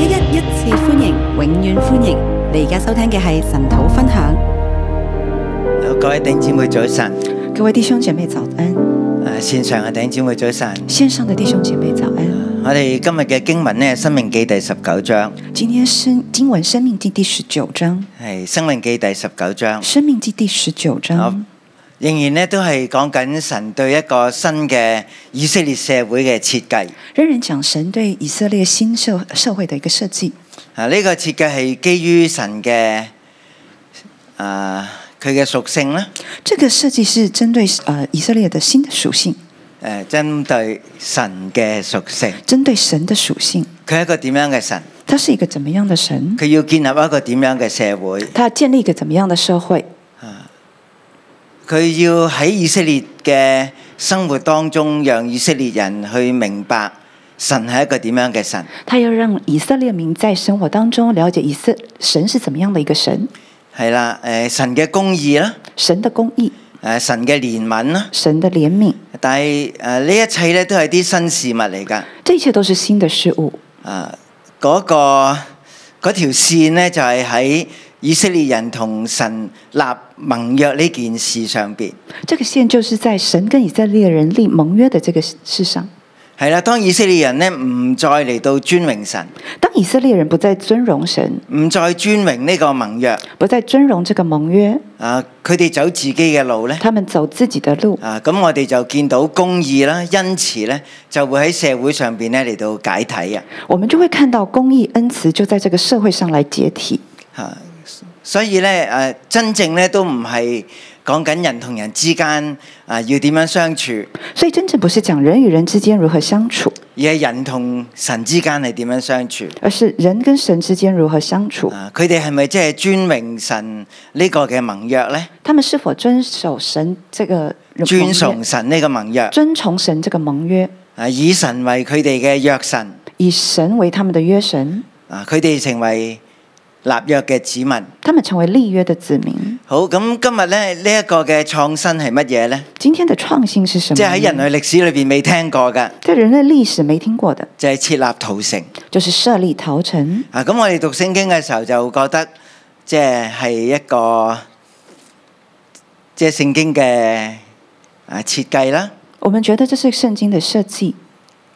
一一一次歡迎，永遠歡迎！你而家收聽嘅係神徒分享。各位頂姐妹早晨，各位弟兄姐妹早安。誒、呃，線上嘅頂姐妹早晨，線上嘅弟兄姐妹早安。早安嗯、我哋今日嘅經文呢，《生命記》第十九章。今天新經文《生命記》第十九章，係《生命記》第十九章，《生命記》第十九章。嗯仍然咧都係講緊神對一個新嘅以色列社會嘅設計。仍然講神對以色列新社社會嘅一個設計。啊，呢個設計係基於神嘅啊佢嘅屬性啦。這個設計是針對啊、呃、以色列的新的屬性。誒，針對神嘅屬性。針對神的屬性。佢係一個點樣嘅神？他是一個怎麼樣的神？佢要建立一個點樣嘅社會？他建立一個怎麼樣的社會？佢要喺以色列嘅生活當中，讓以色列人去明白神係一個點樣嘅神。他要讓以色列民在生活當中了解以色神是怎麼樣的一個神。係啦，誒，神嘅公義啦，神的公義；誒、呃，神嘅憐憫啦，神的憐憫。但係誒呢一切咧都係啲新事物嚟噶。這一切都是新的事物。啊、呃，嗰個嗰條線咧就係喺，以色列人同神立盟約呢件事上邊，這個線就是在神跟以色列人立盟約的這個事上。係啦，當以色列人呢唔再嚟到尊榮神，當以色列人不再尊榮神，唔再尊榮呢個盟約，不再尊榮這個盟約啊，佢哋走自己嘅路呢。他們走自己的路啊。咁我哋就見到公義啦，恩慈呢，就會喺社會上邊呢嚟到解體啊。我們就會看到公義恩慈就在這個社會上來解體啊。所以咧，誒，真正咧都唔係講緊人同人之間啊，要點樣相處。所以真正不是講人與人之間如何相處，而係人同神之間係點樣相處，而是人跟神之間如何相處。佢哋係咪即係尊榮神呢個嘅盟約咧？他們是否遵守神這個尊崇神呢個盟約？尊崇神這個盟約，啊，以神為佢哋嘅約神，以神為他們的約神，啊，佢哋成為，立約嘅子民，他們成為立約的子民。好，咁今日咧呢一、這個嘅創新係乜嘢咧？今天的創新是什麼？即係喺人類歷史裏邊未聽過即在人類歷史未聽過的，即係設立逃城。就是設立逃城。啊，咁我哋讀聖經嘅時候就覺得，即、就、係、是、一個，即係聖經嘅啊設計啦。我們覺得這是聖經的設計。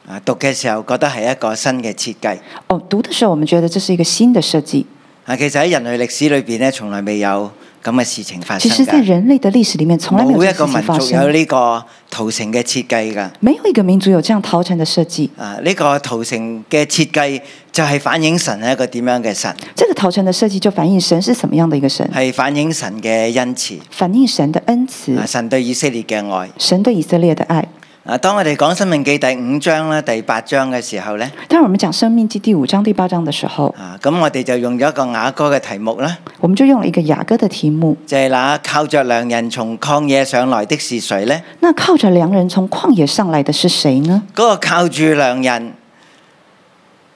啊，讀嘅時候覺得係一個新嘅設計。哦，讀的時候我們覺得這是一個新嘅設計。啊，其實喺人類歷史裏邊呢，從來未有咁嘅事情發生。其實，在人類嘅歷史裏面，從來沒有。冇一個民族有呢個屠城嘅設計噶。沒有一個民族有這樣屠城嘅設計。啊，呢個屠城嘅設計就係反映神係一個點樣嘅神。這個屠城嘅設計就反映神是什麼樣嘅一個神。係反映神嘅恩慈。反映神嘅恩慈。神對以色列嘅愛。神對以色列嘅愛。啊！當我哋講《申命記》第五章咧、第八章嘅時候咧，當我哋講《申命記》第五章、第八章嘅時，時候，啊！咁我哋就用咗一個雅歌嘅題目啦，我哋就用一個雅歌嘅題目，就係、是、那靠着良人從曠野上來的是誰咧？那靠着良人從曠野上來的是誰呢？嗰個靠住良人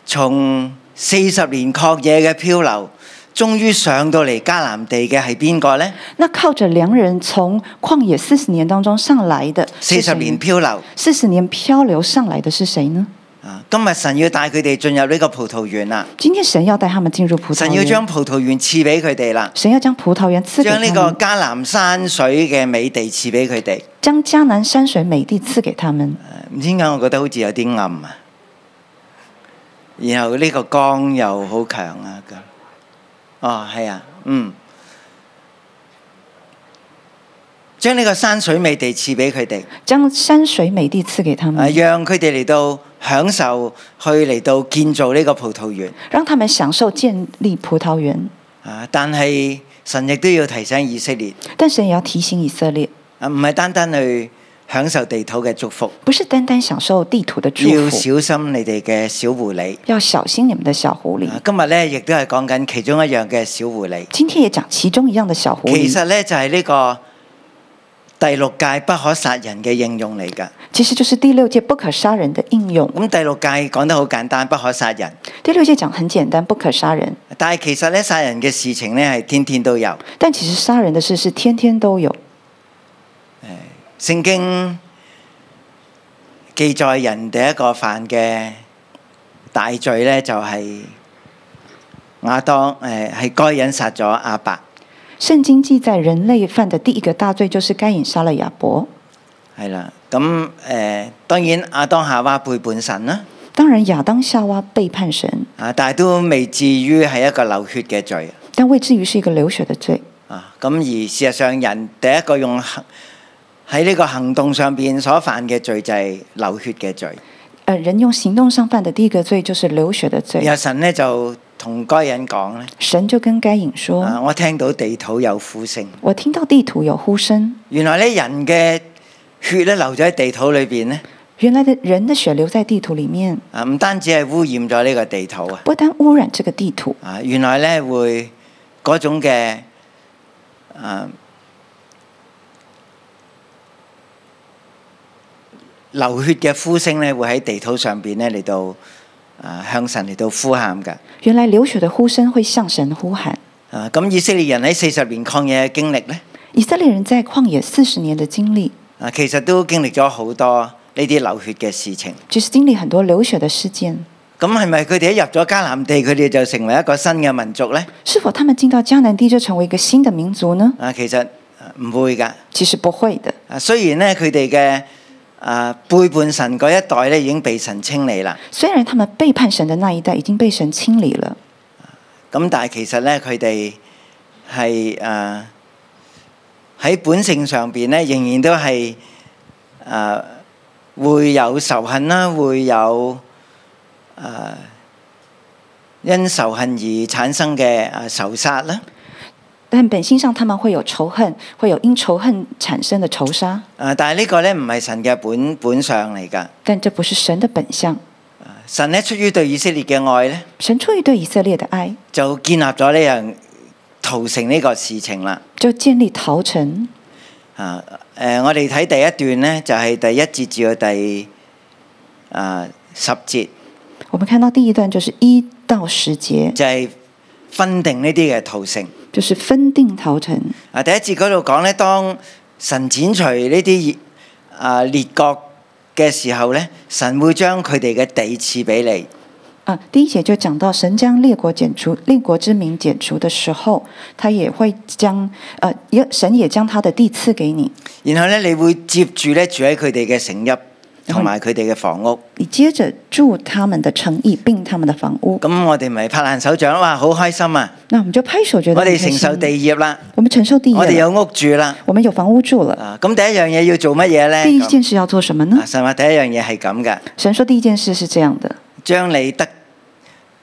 從四十年曠野嘅漂流，終於上到嚟迦南地嘅係邊個呢？那靠着兩人從曠野四十年當中上嚟嘅四十年漂流，四十年漂流上嚟嘅是誰呢？今日神要帶佢哋進入呢個葡萄園啦！今天神要帶他們進入葡萄園，神要將葡萄園賜俾佢哋啦！神要將葡萄園賜將呢個迦南山水嘅美地賜俾佢哋，將迦南山水美地賜給他們。唔知點解我覺得好似有啲暗啊，然後呢個光又好強啊！哦，係啊，嗯，將呢個山水美地賜俾佢哋，將山水美地賜給他們，啊，讓佢哋嚟，到享受，去嚟到建造呢個葡萄園，讓他們享受建立葡萄園。啊，但係神亦都要提醒以色列，但神也要提醒以色列，啊，唔係單單去。享受地土嘅祝福，不是單單享受地土嘅祝福。要小心你哋嘅小狐狸，要小心你們的小狐狸。今日呢，亦都係講緊其中一樣嘅小狐狸。今天也講其中一樣嘅小狐狸。其實呢，就係呢個第六誡不可殺人嘅應用嚟㗎。其實就是第六誡不可殺人嘅應用。咁第六誡講得好簡單，不可殺人。第六誡講很簡單，不可殺人。但係其實呢，殺人嘅事情呢，係天天都有。但其實殺人的事是天天都有。聖經記載人第一個犯嘅大罪呢，就係亞當誒係、呃、該隱殺咗亞伯。聖經記載人類犯嘅第一個大罪，就是該隱殺了亞伯。係啦，咁誒，當然亞當夏娃背叛神啦。當然亞當夏娃背叛神啊，但係都未至於係一個流血嘅罪。但未至於是一個流血嘅罪。啊，咁而事實上人第一個用。喺呢個行動上邊所犯嘅罪就係流血嘅罪。誒，人用行動上犯嘅第一個罪就是流血嘅罪。有神呢，就同該隱講咧。神就跟該隱說，我聽到地土有呼聲。我聽到地土有呼聲。原來咧人嘅血咧流咗喺地土裏邊咧。原來的人的血流在地土裏面。啊，唔單止係污染咗呢個地土啊，不單污染這個地土啊，原來咧會嗰種嘅，誒。流血嘅呼聲咧，會喺地圖上邊咧嚟到啊，向神嚟到呼喊嘅。原來流血嘅呼聲會向神呼喊啊！咁以色列人喺四十年曠野嘅經歷呢？以色列人在曠野四十年嘅經歷啊，其實都經歷咗好多呢啲流血嘅事情，就是經歷很多流血嘅事件。咁係咪佢哋一入咗迦南地，佢哋就成為一個新嘅民族呢？是否他們進到迦南地就成為一個新嘅民族呢？啊，其實唔會噶，其實不會的。啊，雖然呢，佢哋嘅。啊！背叛神嗰一代咧，已經被神清理啦。雖然他們背叛神的那一代已經被神清理了，咁但係其實咧，佢哋係啊喺本性上邊咧，仍然都係啊會有仇恨啦，會有啊因仇恨而產生嘅啊仇殺啦。但本性上，他們會有仇恨，會有因仇恨產生的仇殺。啊！但係呢個咧唔係神嘅本本相嚟㗎，但這不是神的本相。神呢，出於對以色列嘅愛咧，神出於對以色列嘅愛，就建立咗呢樣逃城呢個事情啦，就建立逃城。啊！誒，我哋睇第一段呢，就係第一節至到第十節。我們看到第一段就是一到十節，就係分定呢啲嘅逃城。就是分定逃城。啊，第一節嗰度講咧，當神剪除呢啲啊列國嘅時候咧，神會將佢哋嘅地賜俾你。啊，第一節就講到神將列國剪除，列國之民剪除嘅時候，他也會將，啊、呃，神也將他的地賜給你。然後咧，你會接住咧住喺佢哋嘅城邑。同埋佢哋嘅房屋，嗯、你接着住他們嘅誠意，並他們嘅房屋。咁我哋咪拍爛手掌，哇，好開心啊！那我們就拍手，我哋承受地業啦。我們承受地，我哋有屋住啦。我哋有房屋住了。咁、啊、第一樣嘢要做乜嘢咧？第一件事要做什麼呢？神、啊、話第一樣嘢係咁嘅。神說第一件事是這樣嘅：將你得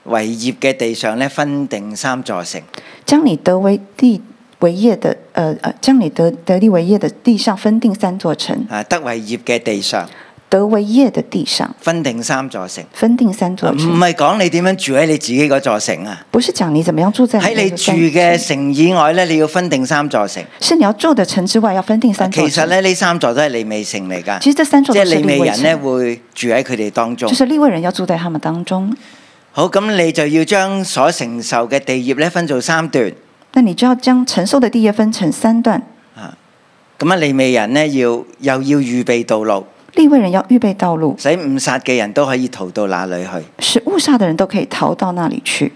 為業嘅地上咧，分定三座城。將你得為地為業的，誒、呃、誒，將你得得地為業的地上分定三座城。啊，得為業嘅地上。得為業的地上，分定三座城，分定三座城，唔係講你點樣住喺你自己嗰座城啊？不是講你怎麼樣住在喺你，你住嘅城以外咧，你要分定三座城。是你要住的城之外要分定三座城、啊、其實咧呢三座都係利未城嚟噶。其實這三座即係利未人咧、就是、會住喺佢哋當中。就是利未人要住在他們當中。好，咁你就要將所承受嘅地業咧分做三段。你就要將承受嘅地業分成三段。啊，咁啊利未人咧要又要預備道路。利未人要預備道路，使誤殺嘅人都可以逃到哪裏去？使誤殺嘅人都可以逃到那裏去？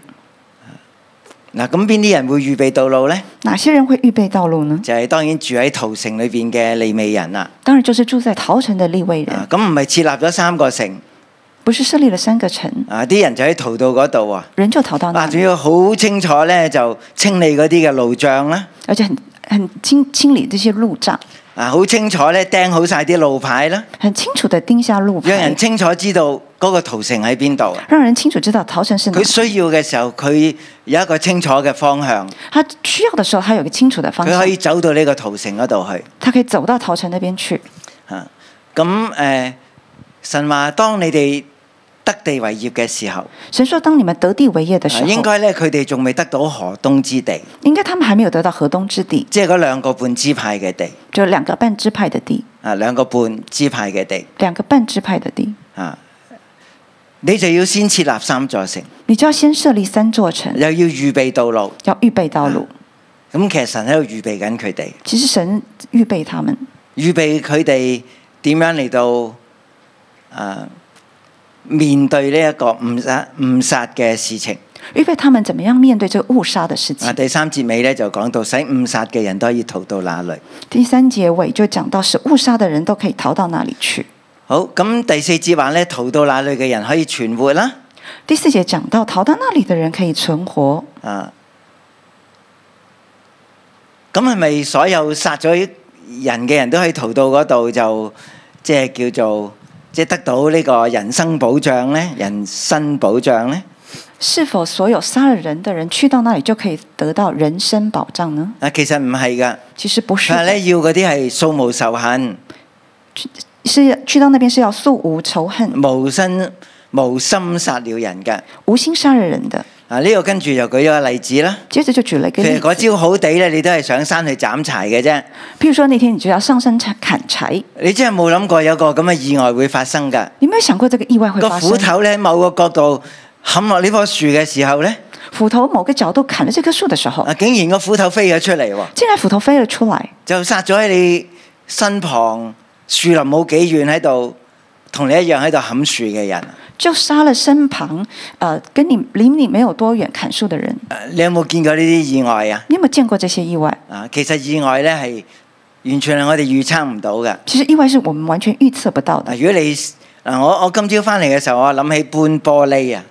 嗱，咁邊啲人會預備道路呢？哪些人會預備道路呢？就係、是、當然住喺屠城裏邊嘅利未人啦。當然就是住在陶城嘅利未人。咁唔係設立咗三個城？不是設立了三個城？啊，啲人就喺逃到嗰度啊。人就逃到。嗱，仲要好清楚咧，就清理嗰啲嘅路障啦。而且很很清清理這些路障。啊，好清楚咧，釘好晒啲路牌啦，很清楚的釘下路牌，讓人清楚知道嗰個屠城喺邊度，讓人清楚知道屠城喺邊度。佢需要嘅時候，佢有一個清楚嘅方向。他需要嘅時候，他有個清楚嘅方向。佢可以走到呢個屠城嗰度去。他可以走到屠城那邊去。啊，咁、嗯、誒、呃，神話當你哋。得地為業嘅時候，神說：當你們得地為業嘅時候，應該咧佢哋仲未得到河東之地，應該他們還沒有得到河東之地，即係嗰兩個半支派嘅地，就兩個半支派嘅地，啊，兩個半支派嘅地，兩個半支派嘅地啊，你就要先設立三座城，你就要先設立三座城，又要預備道路，要預備道路，咁、啊、其實神喺度預備緊佢哋，其實神預備他們，預備佢哋點樣嚟到，啊。面對呢一個誤殺誤殺嘅事情，預備他們怎麼樣面對這個誤殺嘅事情？啊，第三節尾咧就講到使誤殺嘅人都可以逃到哪裏？第三節尾就講到使誤殺嘅人都可以逃到那裏去？好，咁第四節話咧，逃到哪裏嘅人可以存活啦？第四節講到逃到那裏嘅人可以存活。啊，咁係咪所有殺咗人嘅人都可以逃到嗰度就即係、就是、叫做？即係得到呢個人生保障咧，人身保障咧。是否所有殺人嘅人去到那裏就可以得到人身保障呢？啊，其實唔係噶，其實不是。但係咧要嗰啲係素無仇恨，是去到那邊是要素無仇恨無，無心無心殺了人嘅，無心殺了人的。啊！呢個跟住就舉咗個例子啦。其實嗰招好地咧，你都係上山去砍柴嘅啫。譬如說你天你就要上山砍柴。你真係冇諗過有個咁嘅意外會發生噶？你有冇想過呢個意外會發生的？個斧頭咧，某個角度砍落呢棵樹嘅時候咧，斧頭某個角度砍咗呢棵樹嘅時候，竟然個斧頭飛咗出嚟。即係斧頭飛咗出嚟，就殺咗喺你身旁樹林冇幾遠喺度，同你一樣喺度砍樹嘅人。就殺了身旁，跟你離你沒有多遠砍樹的人。你有冇見過呢啲意外啊？你有冇見過這些意外？啊，其實意外呢係完全係我哋預測唔到嘅。其實意外是我們完全預測不到嘅。如果你，我我今朝翻嚟嘅時候，我諗起搬玻璃啊。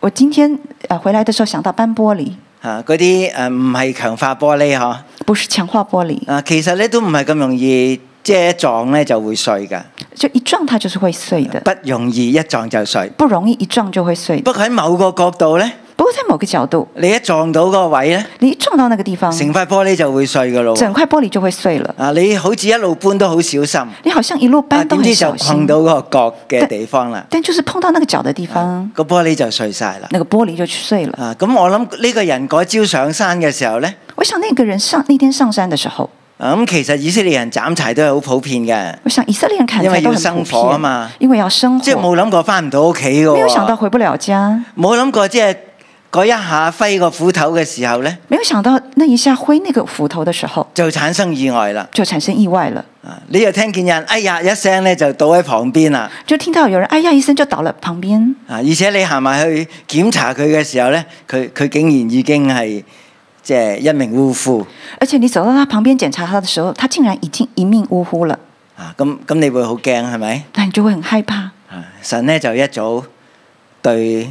我今天回來的時候想到搬玻璃。啊，嗰啲唔係強化玻璃嗬？不是強化玻璃。啊，其實呢都唔係咁容易，即係一撞呢就會碎噶。就一撞，它就是會碎的。不容易一撞就碎，不容易一撞就會碎。不過喺某個角度呢，不過喺某個角度，你一撞到嗰個位呢，你一撞到那個地方，成塊玻璃就會碎㗎咯。整塊玻璃就會碎了。啊，你好似一路搬都好小心，你好像一路搬都好小心。啊，點知就碰到個角嘅地方啦。但就是碰到那個角的地方，啊，個玻璃就碎晒啦。那個玻璃就碎了。啊，咁我諗呢個人嗰朝上山嘅時候呢，我想那個人上那天上山嘅時候。咁、嗯、其實以色列人斬柴都係好普遍嘅。我想以色列人都很普遍。因為要生火啊嘛。因為要生活。即係冇諗過翻唔到屋企嘅。沒有想到回不了家。冇諗過即係嗰一下揮個斧頭嘅時候咧。沒有想到那一下揮那個斧頭的時候，就產生意外啦。就產生意外了。啊！你又聽見人哎呀一聲咧，就倒喺旁邊啦。就聽到有人哎呀一聲，就倒咗旁邊。啊！而且你行埋去檢查佢嘅時候咧，佢佢竟然已經係。即係一命嗚呼，而且你走到他旁邊檢查他的時候，他竟然已經一命嗚呼了。啊，咁咁你會好驚係咪？但你就會很害怕。啊，神呢，就一早對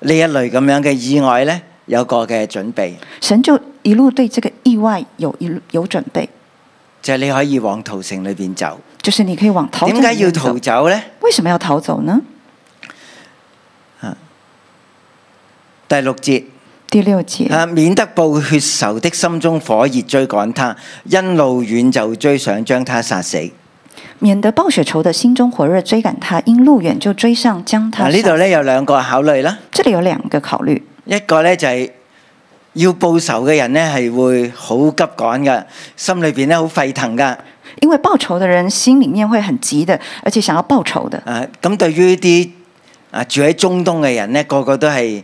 呢一類咁樣嘅意外咧有個嘅準備。神就一路對這個意外有一有,有準備，即、就、係、是、你可以往逃城裏邊走，就是你可以往逃。點解要逃走咧？為什麼要逃走呢？啊，第六節。第六節，誒，免得報血仇的心中火熱追趕他，因路遠就追上將他殺死。免得報血仇的心中火熱追趕他，因路遠就追上將他。嗱，呢度咧有兩個考慮啦。這裡有兩個考慮，一個咧就係要報仇嘅人咧係會好急趕嘅，心裡邊咧好沸騰噶。因為報仇嘅人心裡面會很急的，而且想要報仇的。誒、啊，咁對於一啲誒、啊、住喺中東嘅人咧，個個都係誒。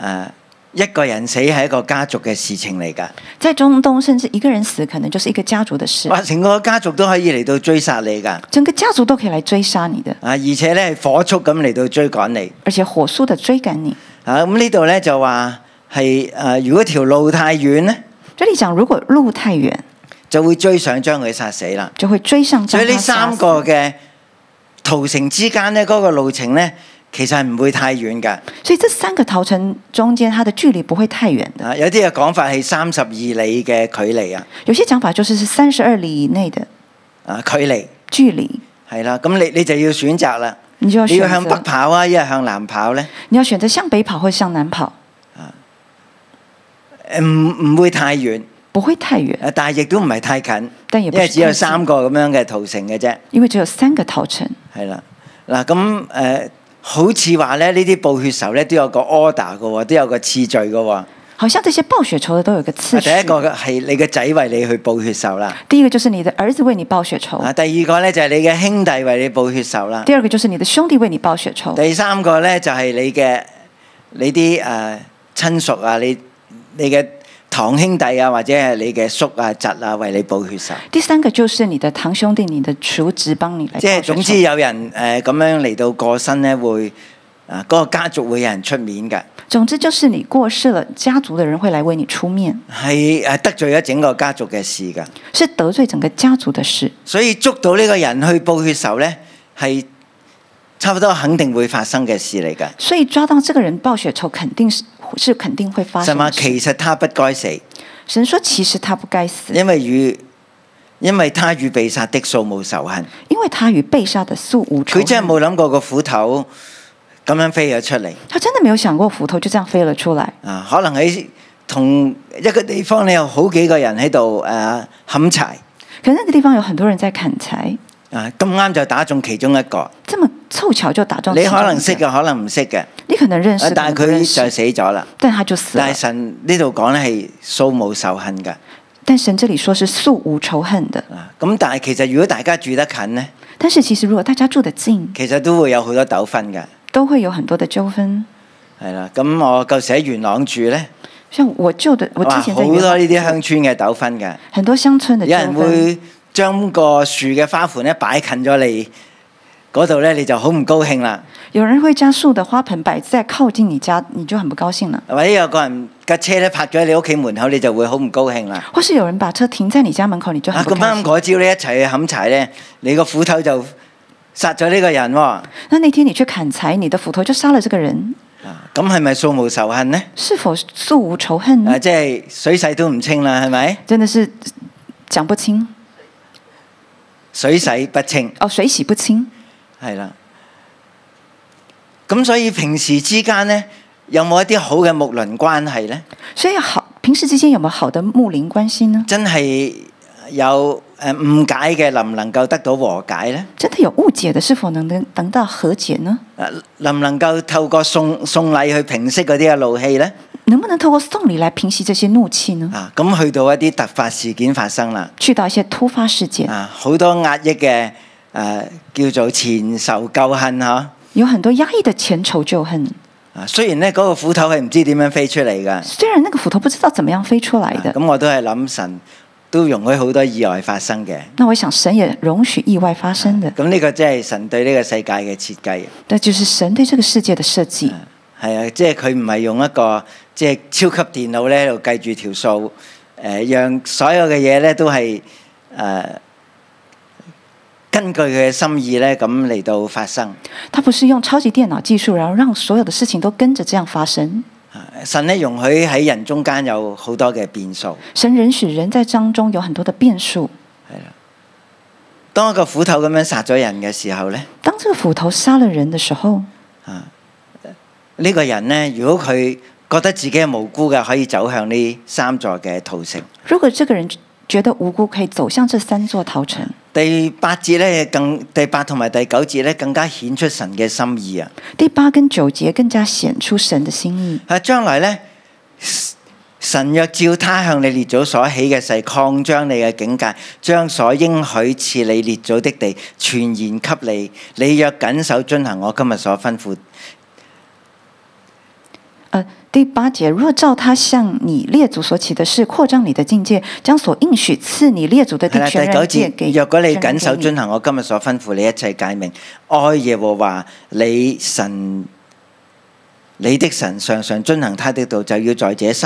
啊一個人死係一個家族嘅事情嚟噶，即係中東甚至一個人死可能就係一個家族嘅事。哇，成個家族都可以嚟到追殺你噶，整個家族都可以嚟追殺你的。啊，而且咧火速咁嚟到追趕你，而且火速的追趕你。啊，咁呢度咧就話係，啊，如果條路太遠咧，即係你想，如果路太遠，就會追上將佢殺死啦，就會追上。所以呢三個嘅逃城之間咧，嗰個路程咧。其實係唔會太遠嘅，所以這三個逃城中間，它的距離不會太遠。啊，有啲嘅講法係三十二里嘅距離啊，有些講法，啊，法就是是三十二里以內的距離啊距離，距離係啦。咁你你就要選擇啦，你要向北跑啊，一係向南跑呢？你要選擇向北跑或向南跑啊。唔唔會太遠，不會太遠，但係亦都唔係太近，但係因為只有三個咁樣嘅逃城嘅啫，因為只有三個逃城係啦、啊。嗱咁誒。呃好似話咧，呢啲報血仇咧都有個 order 噶，都有個次序噶。好像這些報血仇的都有個次序。第一個係你嘅仔為你去報血仇啦。第一個就是你的兒子為你報血仇。啊，第二個咧就係你嘅兄弟為你報血仇啦。第二個就是你的兄弟為你報血、血仇。第三個咧就係你嘅你啲誒、呃、親屬啊，你你嘅。堂兄弟啊，或者係你嘅叔，叔啊、侄啊，為你報血仇。第三個就是你的堂兄弟、你的族侄幫你嚟。即係總之有人誒咁、呃、樣嚟到過身咧，會啊嗰、呃這個家族會有人出面嘅。總之就是你過世了，家族的人會來為你出面。係誒得罪咗整個家族嘅事噶，是得罪整個家族的事。所以捉到呢個人去報血仇咧，係。差不多肯定會發生嘅事嚟㗎，所以抓到這個人報血仇，肯定是是肯定會發生。係嘛？其實他不該死。神說其實他不該死，因為與因為他與被殺的素無仇恨，因為他與被殺的素無仇。佢真係冇諗過個斧頭咁樣飛咗出嚟。他真係沒有想過斧頭就這樣飛了出嚟。啊，可能喺同一個地方，你有好幾個人喺度誒砍柴。可，那個地方有很多人在砍柴。咁啱就打中其中一個，這麼湊巧就打中。你可能識嘅，可能唔識嘅。你可能認識，能認識，但係佢就死咗啦。但係神呢度講咧係素無仇恨嘅。但神這裡說是素無仇恨的。咁但係其實如果大家住得近咧，但是其實如果大家住得近，其實都會有好多糾紛嘅，都會有很多嘅糾紛。係啦，咁我舊時喺元朗住咧，像我住的。哇，好多呢啲鄉村嘅糾紛嘅，很多鄉村將個樹嘅花盆咧擺近咗你嗰度咧，你就好唔高興啦。有人會將樹嘅花盆擺在靠近你家，你就很不高興啦。或者有個人架車咧泊咗喺你屋企門口，你就會好唔高興啦。或是有人把車停在你家門口，你就你啊，咁啱招朝你一齊去砍柴咧，你個斧頭就殺咗呢個人。那那天你去砍柴，你的斧頭就殺了這個人。啊，咁係咪素無仇恨呢？是否素無仇恨？啊，即係水勢都唔清啦，係咪？真的是講不清。水洗不清，哦，水洗不清，係啦。咁所以平時之間呢，有冇一啲好嘅睦鄰關係呢？所以好，平時之間有冇好的睦鄰關係呢？真係有誒誤解嘅，能唔能夠得到和解呢？真的有誤解嘅，是否能能等到和解呢？能唔能夠透過送送禮去平息嗰啲嘅怒氣呢？能不能透過送禮來平息這些怒氣呢？啊，咁去到一啲突發事件發生啦，去到一些突發事件發啊，好多壓抑嘅誒、呃，叫做前仇舊恨嗬，有很多壓抑的前仇舊恨啊。雖然呢嗰個斧頭係唔知點樣飛出嚟嘅，雖然那個斧頭不知道怎麼樣飛出嚟的。咁、啊、我都係諗神都容許好多意外發生嘅。那我想神也容許意外發生嘅。咁呢個即係神對呢個世界嘅設計，那就是神對這個世界的設計。係啊，啊，即係佢唔係用一個。即係超級電腦咧，度計住條數，誒，讓所有嘅嘢咧都係誒根據佢嘅心意咧，咁嚟到發生。他不是用超級電腦技術，然後讓所有嘅事情都跟着這樣發生。神咧容許喺人中間有好多嘅變數。神允許人在當中有很多嘅變數。係啦，當一個斧頭咁樣殺咗人嘅時候咧，當這個斧頭殺了人嘅時候，啊，呢個人咧，如果佢覺得自己係無辜嘅，可以走向呢三座嘅逃城。如果這個人覺得無辜，可以走向這三座逃城。第八節咧，更第八同埋第九節咧，更加顯出神嘅心意啊！第八跟九節更加顯出神嘅心意。啊，將來咧，神若照他向你列祖所起嘅誓，擴張你嘅境界，將所應許賜你列祖的地，全然給你，你若謹守遵行我今日所吩咐，呃第八節，若照他向你列祖所起的誓，擴張你的境界，將所應許賜你列祖的定權人借第九節，若果你謹守遵行我今日所吩咐你一切誡命。愛耶和華你神。你的神常常遵行他的道，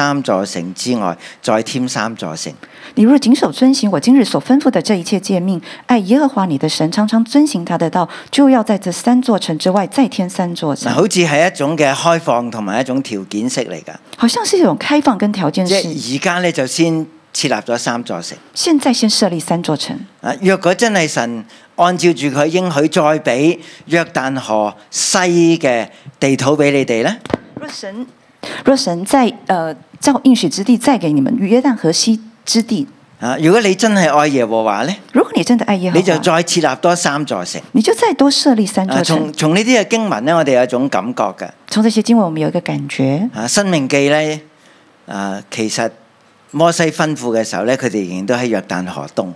就要在這三座城之外再添三座城。你若謹守遵行我今日所吩咐的這一切誡命，愛耶和華你的神，常常遵行他的道，就要在這三座城之外再添三座城。好似係一種嘅開放同埋一種條件式嚟噶。好像是一種開放跟條件式。而家呢，就先設立咗三座城。現在先設立三座城。若果真係神。按照住佢應許再俾約旦河西嘅地圖俾你哋咧。若神若神再誒照應許之地再俾你們與約旦河西之地。啊，如果你真係愛耶和華咧，如果你真係愛耶和華，你就再設立多三座城，你就再多設立三座城。從從呢啲嘅經文咧，我哋有一種感覺嘅。從這些經文我，經文我們有一個感覺。啊，申命記咧，啊，其實摩西吩咐嘅時候咧，佢哋仍然都喺約旦河東。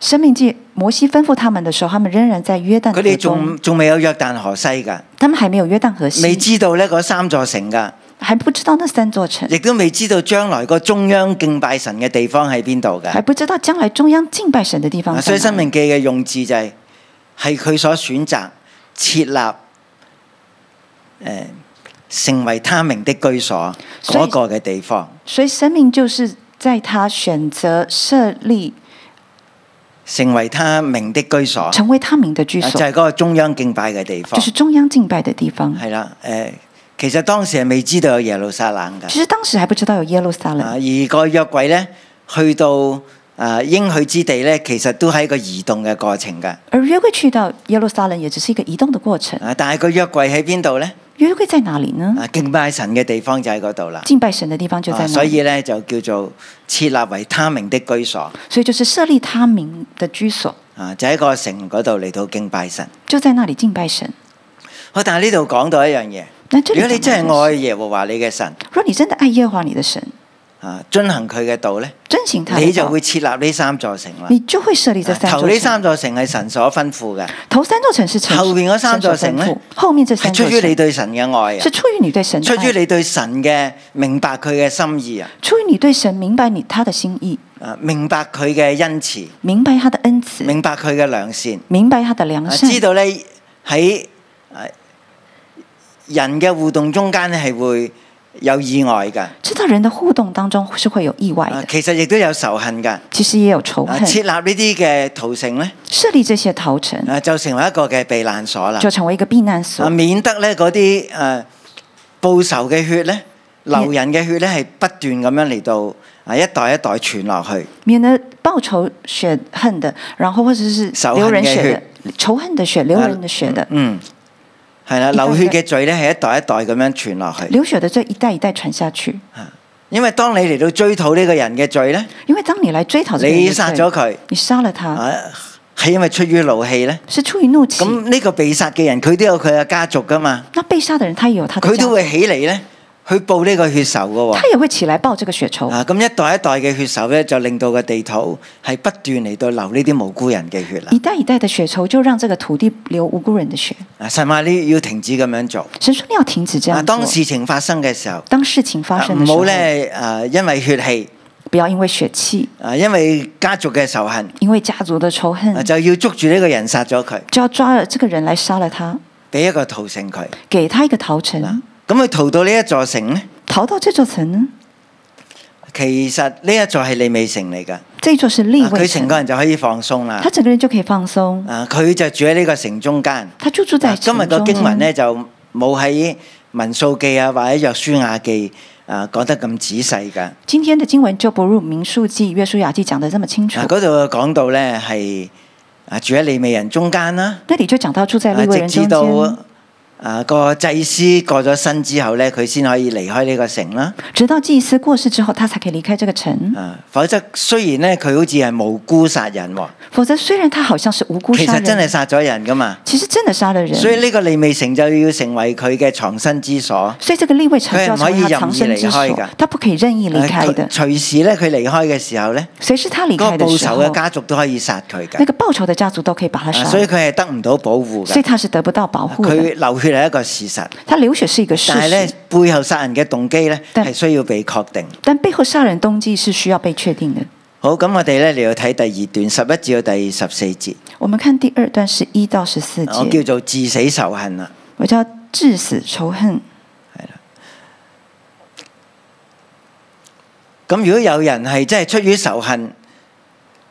申命記摩西吩咐他們的時候，他們仍然在約旦河東。佢哋仲仲未有約旦河西㗎。他們還沒有約旦河西。未知道呢嗰三座城㗎。還不知道那三座城。亦都未知道將來個中央敬拜神嘅地方喺邊度㗎。還不知道將來中央敬拜神嘅地，地，就是呃、地方。所以申命記嘅用字就係係佢所選擇設立誒成為他名的居所嗰個嘅地方。所以申命就是在他選擇設立。成為他名的居所，成為他名的居所，就係、是、嗰個中央敬拜嘅地方，就是中央敬拜的地方，係啦。其實當時係未知道有耶路撒冷㗎，其實當時還不知道有耶路撒冷。而個約櫃呢，去到誒應許之地呢，其實，的會其實都係一個移動嘅過程㗎。而約櫃去到耶路撒冷，也只是一個移動的過程。但係個約櫃喺邊度呢？約櫃在哪裏呢？啊，敬拜神嘅地方就喺嗰度啦。敬拜神嘅地方就在那裏，啊。所以咧就叫做設立為他名的居所。所以就是設立他名的居所。啊，就喺個城嗰度嚟到敬拜神。就在那裏敬拜神。好，但係呢度講到一樣嘢。如果你真係愛耶和華你嘅神，如果你真係愛耶和華你的神。啊！遵行佢嘅道咧，你就會設立呢三座城啦。你就會設立頭呢三座城係神所吩咐嘅。頭三座城是神後邊嗰三座城咧。後面，這係出於你對神嘅愛啊，是出於你對神出於你對神嘅明白佢嘅心意啊，出於你對神明白你他的心意啊，明白佢嘅恩慈，明白他的恩慈，明白佢嘅良善，明白他的良善，知道咧喺人嘅互動中間咧係會。有意外嘅，知道人的互動當中是會有意外嘅，其實亦都有仇恨嘅，其實也有仇恨。設立呢啲嘅逃城咧，設立這些逃城，啊就成為一個嘅避難所啦，就成為一個避難所，免得咧嗰啲誒報仇嘅血咧，流人嘅血咧係不斷咁樣嚟到啊一代一代傳落去，免得報仇血恨的，然後或者是流人血、仇恨的血、流人的血的，嗯。係啦，流血嘅罪咧係一代一代咁樣傳落去。流血嘅罪一代一代傳下去。吓，因為當你嚟到追討呢個人嘅罪咧，因為當你嚟追討，你殺咗佢，你殺了他。係因為出於怒氣咧？是出於怒氣。咁呢個被殺嘅人，佢都有佢嘅家族㗎嘛？那被殺嘅人，他也有他，佢都會起嚟咧。去報呢個血仇噶喎，他也會起來報這個血仇。啊，咁一代一代嘅血仇咧，就令到個地土係不斷嚟到流呢啲無辜人嘅血。一代一代嘅血仇就讓這個土地流無辜人嘅血。神話你要停止咁樣做。神說你要停止這樣。當事情發生嘅時候。當事情發生。唔好咧，誒，因為血氣。不要因為血氣。啊，因為家族嘅仇恨。因為家族嘅仇恨。就要捉住呢個人殺咗佢。就要抓了這個人嚟殺了他。俾一個逃城，佢。給他一個逃城。咁佢逃到呢一座城咧？逃到這座城，呢座其實呢一座係利未城嚟噶。這座是利未。佢成個人就可以放鬆啦。他整個人就可以放鬆。啊，佢就住喺呢個城中間，他就住在城中間。他在中今日個經文咧就冇喺民數記啊或者約書亞記啊講得咁仔細噶。今天的經文就不如民數記、約書亞記講得這麼清楚，啊。嗰度講到咧係啊住喺利未人中間啦，啊啊。那你就講到住在利未人中間。啊！個祭司過咗身之後咧，佢先可以離開呢個城啦。直到祭司過世之後，他才可以離開這個城。啊，否則雖然咧，佢好似係無辜殺人喎。否則雖然他好像是無辜，其實真係殺咗人噶嘛。其實真的殺了人，人，所以呢個利未城就要成為佢嘅藏身之所。所以這個利未城就可以任意離開噶，他不可以任意離開的。啊、隨時咧，佢離開嘅時候咧，隨時他離開時候、那個、報仇嘅家族都可以殺佢噶。那個報仇的家族都可以把他殺，所以佢係得唔到保護嘅。所以他是得不到保護。佢、啊、流血佢係一個事實，他流血是一個事實，但係咧，背後殺人嘅動機咧係需要被確定但。但背後殺人動機是需要被確定嘅。好，咁我哋咧嚟到睇第二段十一至到第十四節。我們看第二段十一到十四節，叫做至死仇恨啦，我叫至死仇恨。係啦，咁如果有人係真係出於仇恨。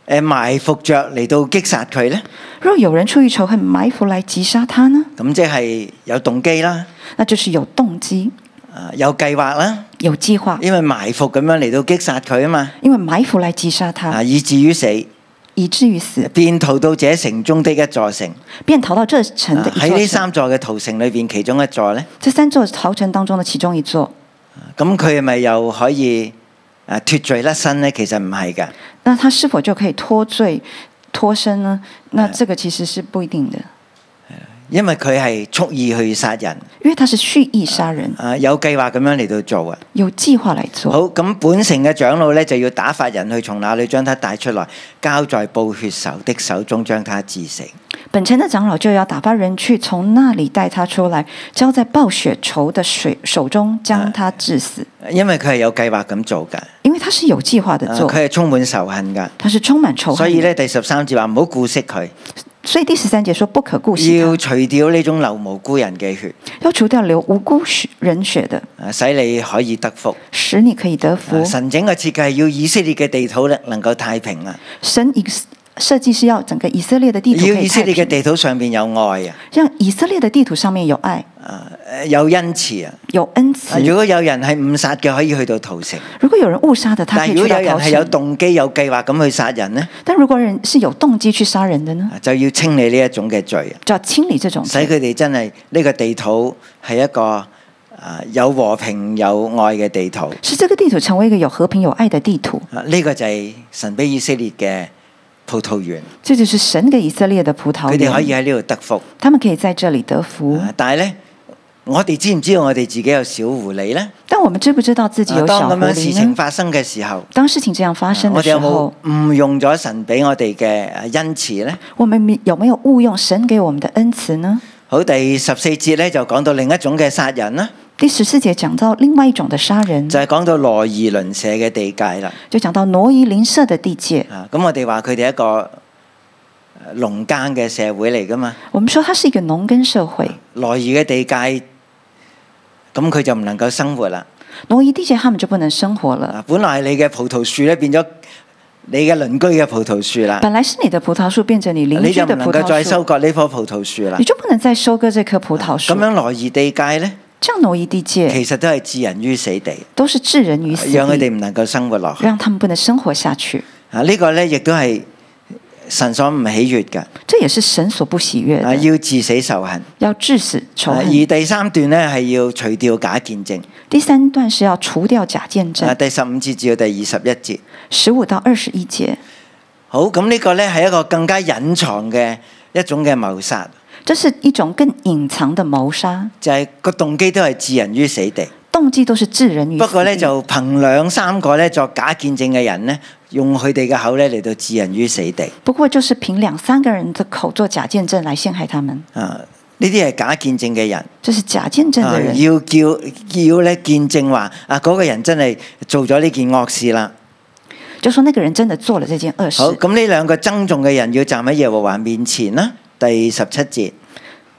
誒，埋伏着嚟到擊殺佢咧？若有人出於仇恨埋伏嚟擊殺他呢？咁即係有動機啦，那就是有動機，啊有計劃啦，有計劃，因為埋伏咁樣嚟到擊殺佢啊嘛。因為埋伏嚟擊殺他，以至於死，以至於死。便逃到這城中的一座城，便逃到這城的一座城。喺、啊、呢三座嘅逃城裏邊，其中一座咧，即三座逃城當中嘅其中一座，咁佢咪又可以誒脫罪甩身咧？其實唔係噶。那他是否就可以脫罪、脫身呢？那這個其實是不一定的。因為佢係蓄意去殺人，因為他是蓄意殺人，啊，有計劃咁樣嚟到做啊，有計劃嚟做。好咁，本城嘅長老咧就要打發人去從那裏將他帶出來，交在報血仇的手中將他致死。本城嘅長老就要打發人去從那裏帶他出來，交在報血仇的水手中將他致死。因為佢係有計劃咁做噶，因為他是有計劃的做，佢係充滿仇恨噶，他是充滿仇恨，他是滿仇恨。所以咧，第十三節話唔好顧惜佢。所以第十三節說，不可顧惜，要除掉呢種流無辜人嘅血，要除掉流無辜人血的，使你可以得福，使你可以得福。神整個設計要以色列嘅地土能夠太平啦。設計是要整個以色列嘅地圖，要以色列嘅地圖上面有愛啊，讓以色列嘅地圖上面有愛啊、呃，有恩慈啊，有恩慈。呃、如果有人係誤殺嘅，可以去到屠城。如果有人誤殺嘅，但係如果有人係有動機、有計劃咁去殺人呢？但如果人是有動機去殺人嘅呢，呢，就要清理呢一種嘅罪，就要清理這種罪，使佢哋真係呢、這個地圖係一個啊、呃、有和平有愛嘅地圖，使這個地圖成為一個有和平有愛嘅地圖。呢、呃這個就係神俾以色列嘅葡萄園，這就是神嘅以色列的葡萄園。佢哋可以喺呢度得福，他們可以在這裏得福。但係呢，我哋知唔知道我哋自己有小狐狸呢？但我們知不知道自己有小狐狸？當咁樣事情發生嘅時候，當事情這樣發生，我哋有冇誤用咗神俾我哋嘅恩賜呢？我們有沒有誤用神給我們的恩賜呢？好，第十四節咧就講到另一種嘅殺人啦。第十四節講到另外一種的殺人，就係講到挪移鄰舍嘅地界啦。就講到挪移鄰舍嘅地界。咁我哋話佢哋係一個農耕嘅社會嚟噶嘛？我們說它是一個農耕社會。挪移嘅地界，咁佢就唔能夠生活啦。挪移地界，他們就不能生活了。本來係你嘅葡萄樹咧，變咗你嘅鄰居嘅葡萄樹啦。本來是你的葡萄樹，變成你鄰居嘅葡萄樹，你就唔能夠再收割呢棵葡萄樹啦。你就不能再收割這棵葡萄樹。咁樣挪移地界咧？這樣挪移地界，其實都係置人於死地，都是置人於死地，讓佢哋唔能夠生活落去，讓他們不能生活下去。啊，呢個咧亦都係神所唔喜悅嘅，這也是神所不喜悅。啊，要致死仇恨，要致死仇恨。而第三段咧係要除掉假見證，第三段是要除掉假見證。啊，第十五節至到第二十一節，十五到二十一節。好，咁呢個咧係一個更加隱藏嘅一種嘅謀殺。這是一種更隱藏的謀殺，就係、是、個動機都係置人於死地，動機都是置人於死地。不過呢，就憑兩三個呢作假見證嘅人呢，用佢哋嘅口呢嚟到置人於死地。不過就是憑兩三個人嘅口做假見證來陷害他們。啊，呢啲係假見證嘅人，這是假見證嘅人、啊，要叫要咧見證話啊，嗰、那個人真係做咗呢件惡事啦。就說那個人真的做了這件惡事。好，咁呢兩個爭訟嘅人要站喺耶和華面前啦。第十七節，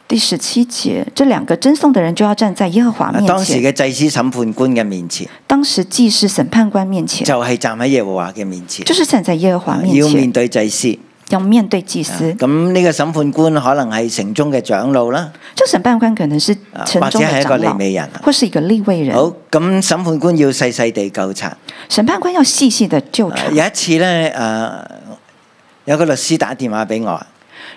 第十七節，這兩個爭訟的人就要站在耶和華面前。當時嘅祭司審判官嘅面前，當時祭司審判官面前，就係站喺耶和華嘅面前，就是站在耶和華面前，要面對祭司，要面對祭司。咁呢、這個審判官可能係城中嘅長老啦，即審判官可能是城中或者係一個利未人，或是一個利未人。好，咁審判官要細細地究察，審判官要細細地究察。有一次咧，誒、呃，有個律師打電話俾我。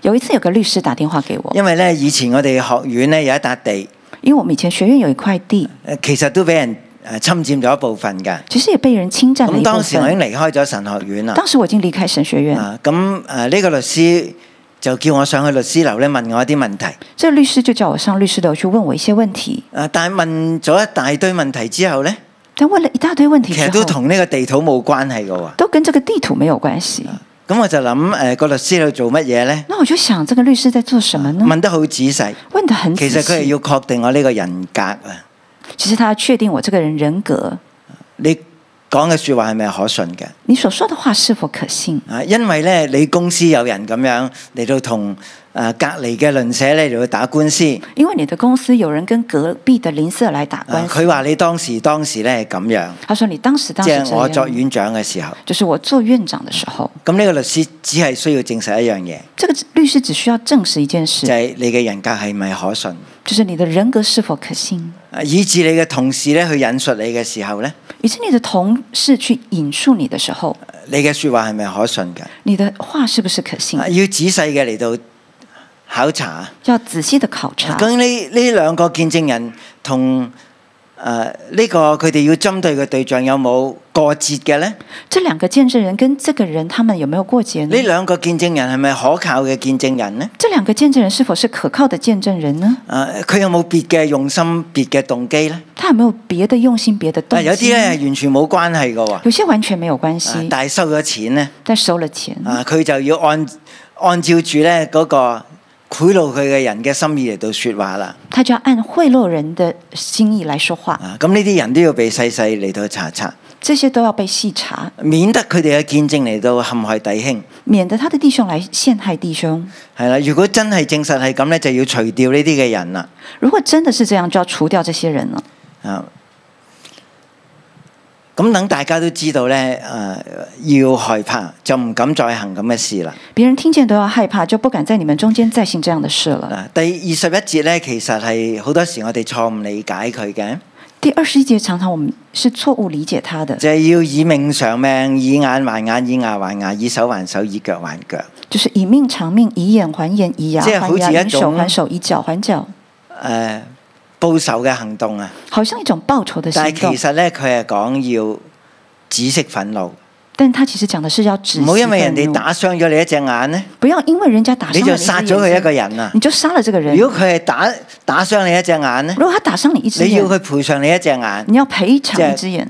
有一次有個律師打電話給我，因為呢，以前我哋學院呢有一笪地，因為我以前學院有一塊地，其實都俾人侵佔咗一部分嘅，其實也被人侵佔。咁當時我已經離開咗神學院啦，當時我已經離開神學院。咁誒呢個律師就叫我上去律師樓咧問我一啲問題，即、這個律師就叫我上律師樓去問我一些問題。但係問咗一大堆問題之後呢，但問了一大堆問題之後，其實都同呢個地圖冇關係嘅喎，都跟這個地圖沒有關係。咁我就諗，誒、那，個律師喺度做乜嘢呢？那我就想，這個律師在做什麼呢？問得好仔細，問得很仔細。其實佢係要確定我呢個人格啊。其實他要確定我這個人格這個人格，你講嘅說話係咪可信嘅？你所說的話是否可信？啊，因為呢，你公司有人咁樣嚟,到同。隔籬嘅鄰舍咧就會打官司，因為你的公司有人跟隔壁的鄰舍來打官司。佢、啊、話你當時當時咧係咁樣。他說你當時當時、就是、我做院長嘅時候，就是我做院長的時候。咁、這、呢個律師只係需要證實一樣嘢。這個律師只需要證實一件事，就係、是、你嘅人格係咪可信？就是你嘅人格是否可信？以致你嘅同事咧去引述你嘅時候呢，以致你嘅同事去引述你嘅時，時候，你嘅說話係咪可信嘅？你嘅話是不是可信？要仔細嘅嚟到。考察，要仔細地考察究竟這。咁呢呢兩個見證人同誒呢個佢哋要針對嘅對象有冇過節嘅呢？這兩個見證人跟這個人，他們有沒有過節呢？呢兩個見證人係咪可靠嘅見證人呢？這兩個見證人是否是可靠的見證人呢？誒，佢有冇別嘅用心、別嘅動機呢？他有冇別的用心、別的動？但有啲咧完全冇關係嘅喎。有些完全沒有關係、呃。但係收咗錢呢？即係收咗錢、呃。啊，佢就要按按照住咧嗰個。賄賂佢嘅人嘅心意嚟到說話啦，他就要按賄賂人嘅心意嚟說話。咁呢啲人都要被細細嚟到查查，這些都要被細查，免得佢哋嘅見證嚟到陷害弟兄，免得他的弟兄嚟陷害弟兄。係啦，如果真係證實係咁咧，就要除掉呢啲嘅人啦。如果真的是這樣，就要除掉這些人啦。啊。咁等大家都知道咧，誒、呃，要害怕就唔敢再行咁嘅事啦。別人聽見都要害怕，就不敢在你們中間再行這樣嘅事了。第二十一節咧，其實係好多時我哋錯誤理解佢嘅。第二十一節常常我們是錯誤理解它的，就係、是、要以命償命，以眼還眼，以牙還牙、就是，以手還手，以腳還腳。就是以命償命，以眼還眼，以牙還牙，以手還手，以腳還腳。誒。報仇嘅行動啊，好像一種報仇的行動。但係其實咧，佢係講要止息憤怒。但他其實講的是要止。唔好因為人哋打傷咗你一隻眼呢，不要因為人家打傷你一隻眼，你就殺咗佢一個人啊！你就殺了這個人。如果佢係打打傷你一隻眼呢？如果他打傷你一隻，你要佢賠償你一隻眼。你要賠償一隻眼，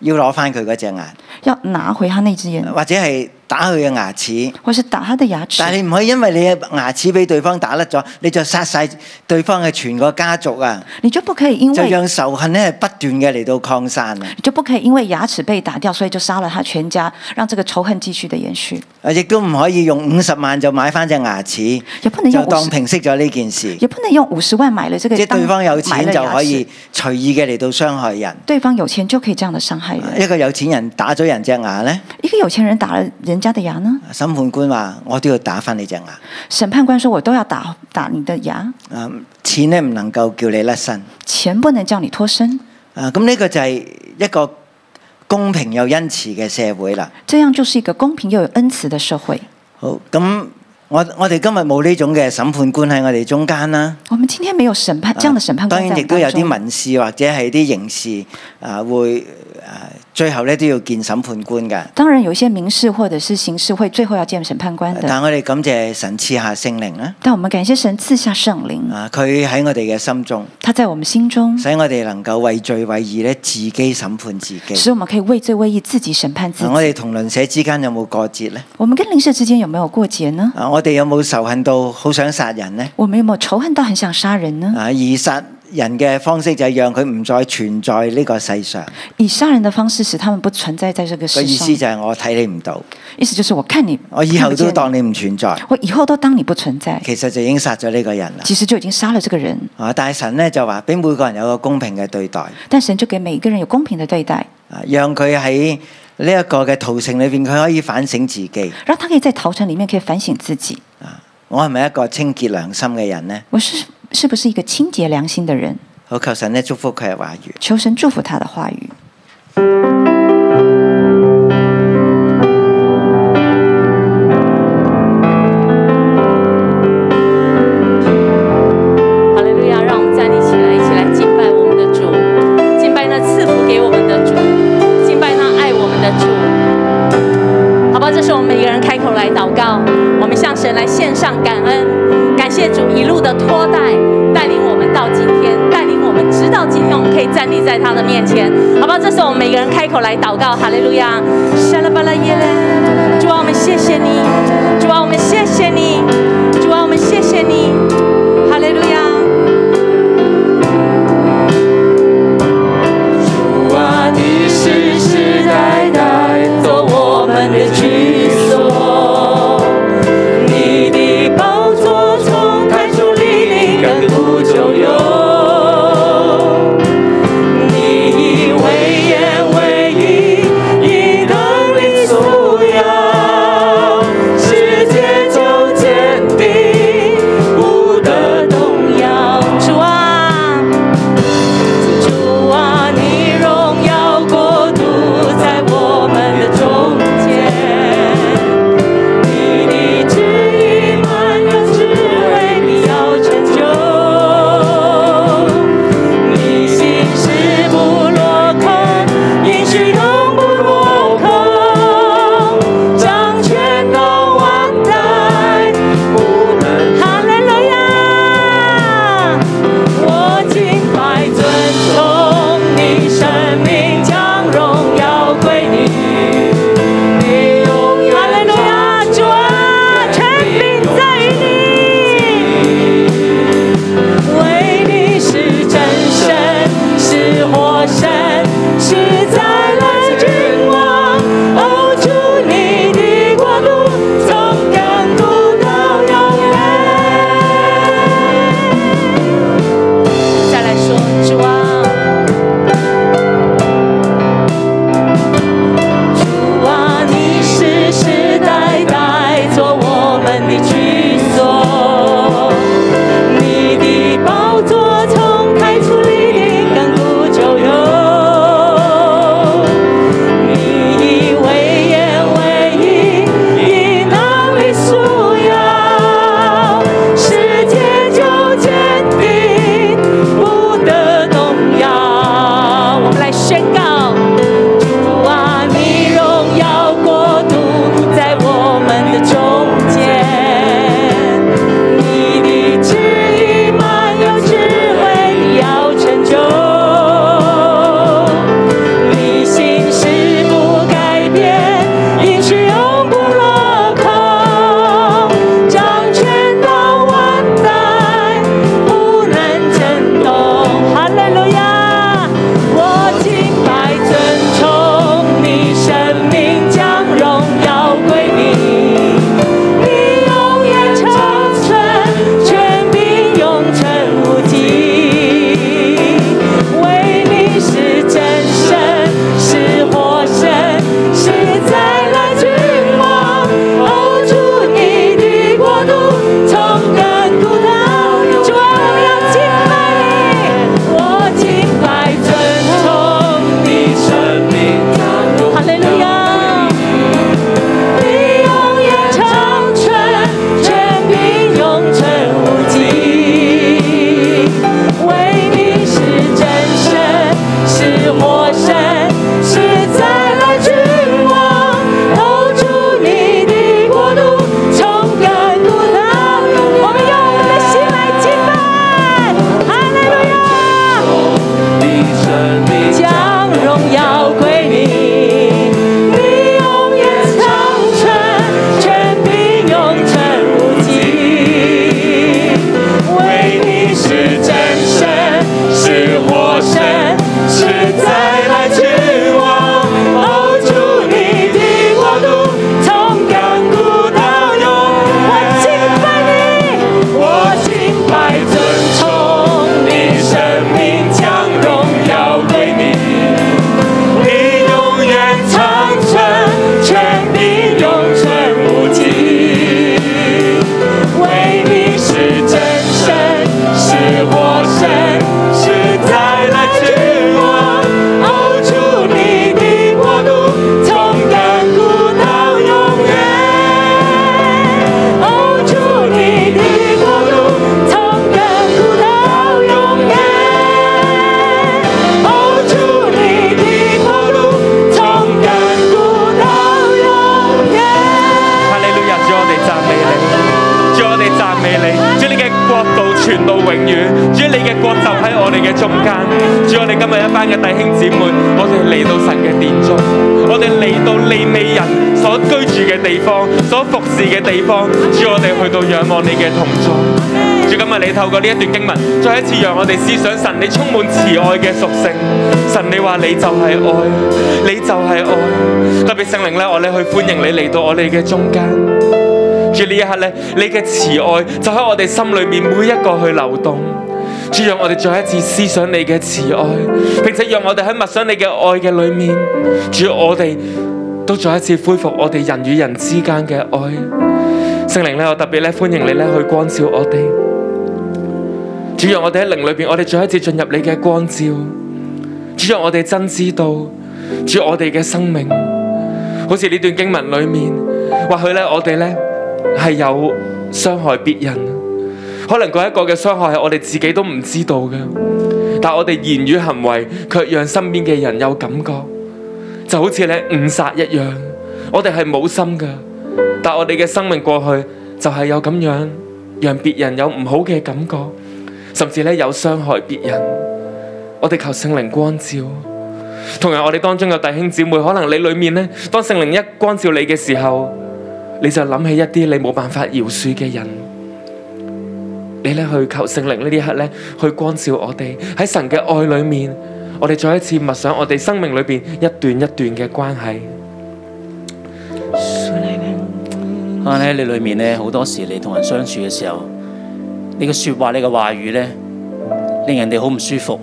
要攞翻佢嗰隻眼，要拿回他那隻眼，或者係。打佢嘅牙齒，或是打他的牙齒。但係你唔可以因為你嘅牙齒俾對方打甩咗，你就殺晒對方嘅全個家族啊！你就不可以因為就讓仇恨呢，不斷嘅嚟到擴散啊！你就不可以因為牙齒被打掉，所以就殺了他全家，讓這個仇恨繼續的延續。啊，亦都唔可以用五十萬就買翻隻牙齒，就當平息咗呢件事，也不能用五十萬買了這個了牙。即係對方有錢就可以隨意嘅嚟到傷害人，對方有錢就可以這樣的傷害人。一個有錢人打咗人隻牙呢？一個有錢人打了人。人家的牙呢？審判官話：我都要打翻你隻牙。審判官說我都要打打你的牙。啊，錢呢唔能夠叫你甩身，錢不能叫你脱身。啊，咁、這、呢個就係一個公平又恩慈嘅社會啦。這樣就是一個公平又有恩慈的社會。好，咁我我哋今日冇呢種嘅審判官喺我哋中間啦。我們今天沒有審判這樣的審判官、啊，當然亦都有啲民事或者係啲刑事啊會誒。啊最後咧，都要見審判官嘅。當然，有一些民事或者是刑事會最後要見審判官。但我哋感謝神賜下聖靈啦。但我們感謝神賜下聖靈。啊，佢喺我哋嘅心中。他在我們心中，使我哋能夠為罪為義咧，自己審判自己。使我們可以為罪為義，自己審判自己。我哋同鄰舍之間有冇過節咧？我們跟鄰舍之間有沒有過節呢？啊，我哋有冇仇恨到好想殺人呢？我們有冇仇恨到很想殺人呢？啊，以殺。人嘅方式就係讓佢唔再存在呢個世上，以殺人的方式使他們不存在在這個世上。個意思就係我睇你唔到，意思就是我看你，我以後都當你唔存在，我以後都當你不存在。其實就已經殺咗呢個人啦，其實就已經殺了這個人。啊，但神咧就話俾每個人有個公平嘅對待，但神就給每一個人有公平的對待。啊，讓佢喺呢一個嘅屠城裏邊，佢可以反省自己。然後他可以在屠城裏面可以反省自己。啊，我係咪一個清潔良心嘅人呢？是不是一個清潔良心的人？我上祝福的話語，求神祝福他的話語。來禱告，哈利路亞，沙拉巴拉耶勒！主啊，我們謝謝你，主啊，我們謝謝你，主啊，我們謝謝你。呢一段經文，再一次讓我哋思想神，你充滿慈愛嘅屬性。神，你話你就係愛，你就係愛。特別聖靈咧，我哋去歡迎你嚟到我哋嘅中間。住呢一刻咧，你嘅慈愛就喺我哋心裏面每一個去流動。主，讓我哋再一次思想你嘅慈愛，並且讓我哋喺默想你嘅愛嘅裏面，主，我哋都再一次恢復我哋人與人之間嘅愛。聖靈咧，我特別咧歡迎你咧去光照我哋。主讓我哋喺靈裏面，我哋再一次進入你嘅光照。主讓我哋真知道，主要我哋嘅生命好似呢段經文裏面，或許咧我哋咧係有傷害別人，可能嗰一個嘅傷害係我哋自己都唔知道嘅，但我哋言語行為卻讓身邊嘅人有感覺，就好似你誤殺一樣。我哋係冇心噶，但我哋嘅生命過去就係、是、有咁樣，讓別人有唔好嘅感覺。甚至咧有傷害別人，我哋求聖靈光照。同埋我哋當中嘅弟兄姊妹，可能你裏面咧，當聖靈一光照你嘅時候，你就諗起一啲你冇辦法饒恕嘅人，你咧去求聖靈呢啲刻咧去光照我哋喺神嘅愛裏面，我哋再一次默想我哋生命裏邊一段一段嘅關係。可能喺你裏面咧，好、嗯、多時你同人相處嘅時候。你嘅說話，你嘅話語咧，令人哋好唔舒服。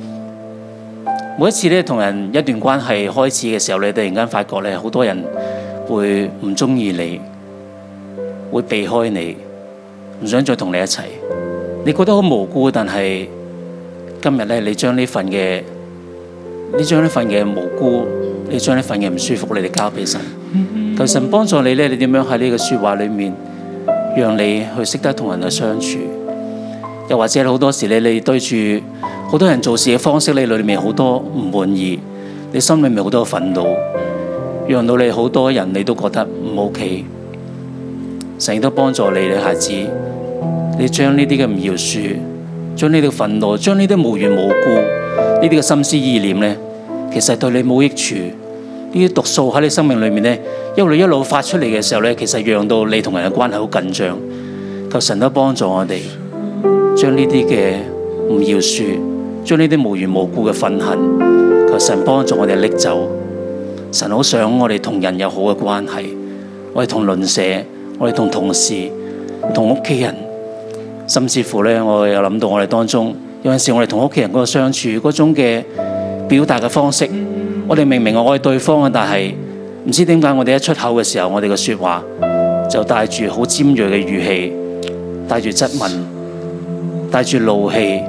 每一次咧，同人一段關係開始嘅時候，你突然間發覺咧，好多人會唔中意你，會避開你，唔想再同你一齊。你覺得好無辜，但係今日咧，你將呢份嘅，你將呢份嘅無辜，你將呢份嘅唔舒服，你哋交俾神。求神幫助你咧，你點樣喺呢個說話裏面，讓你去識得同人去相處。又或者好多時，你你對住好多人做事嘅方式，你裏面好多唔滿意，你心裏面好多憤怒，讓到你好多人你都覺得唔 OK。神都幫助你嘅孩子，你將呢啲嘅唔饒恕，將呢啲憤怒，將呢啲無緣無故呢啲嘅心思意念呢，其實對你冇益處。呢啲毒素喺你生命裏面呢，因為你一路發出嚟嘅時候呢，其實讓到你同人嘅關係好緊張。求神都幫助我哋。將呢啲嘅唔饒恕，將呢啲無緣無故嘅憤恨，求神幫助我哋拎走。神好想我哋同人有好嘅關係，我哋同鄰舍，我哋同同事，同屋企人，甚至乎咧，我有諗到我哋當中有陣時，我哋同屋企人嗰個相處嗰種嘅表達嘅方式，我哋明明我愛對方啊，但係唔知點解我哋一出口嘅時候，我哋嘅說話就帶住好尖銳嘅語氣，帶住質問。帶住怒氣，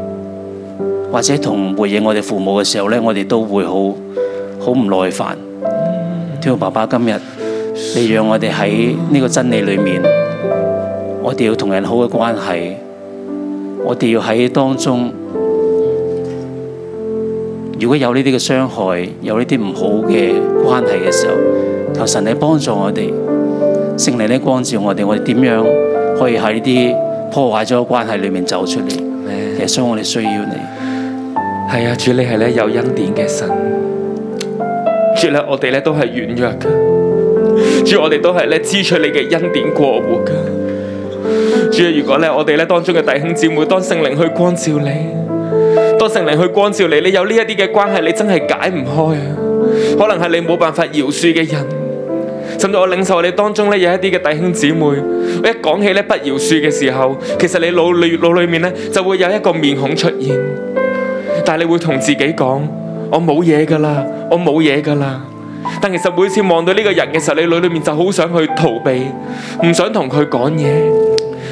或者同回應我哋父母嘅時候呢，我哋都會好好唔耐煩。天父爸爸今，今日你讓我哋喺呢個真理裏面，我哋要同人好嘅關係，我哋要喺當中，如果有呢啲嘅傷害，有呢啲唔好嘅關係嘅時候，求神你幫助我哋，聖靈咧光照我哋，我哋點樣可以喺呢啲？破壞咗關係裏面走出嚟，其、yeah. 實，所以我哋需要你。係啊，主你係咧有恩典嘅神，主咧我哋咧都係軟弱嘅，主我哋都係咧支取你嘅恩典過活嘅。主啊，如果咧我哋咧當中嘅弟兄姊妹，當聖靈去光照你，當聖靈去光照你，你有呢一啲嘅關係，你真係解唔開啊！可能係你冇辦法饒恕嘅人。甚至我領受你當中呢有一啲嘅弟兄姊妹，我一講起呢不饒恕嘅時候，其實你腦裏腦裏面呢就會有一個面孔出現，但係你會同自己講，我冇嘢㗎喇，我冇嘢㗎喇，但其實每次望到呢個人嘅時候，你腦裏面就好想去逃避，唔想同佢講嘢，